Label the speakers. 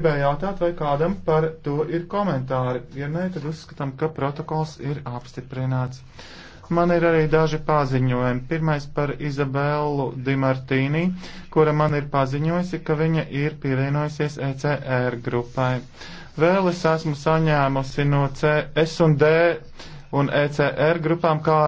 Speaker 1: Gribēju jautāt, vai kādam par to ir komentāri. Ja nē, tad uzskatām, ka protokols ir apstiprināts. Man ir arī daži paziņojumi. Pirmais par Izabelu Dimartīnī, kura man ir paziņojusi, ka viņa ir pievienojusies ECR grupai. Vēl es esmu saņēmusi no CS un D
Speaker 2: un ECR grupām kā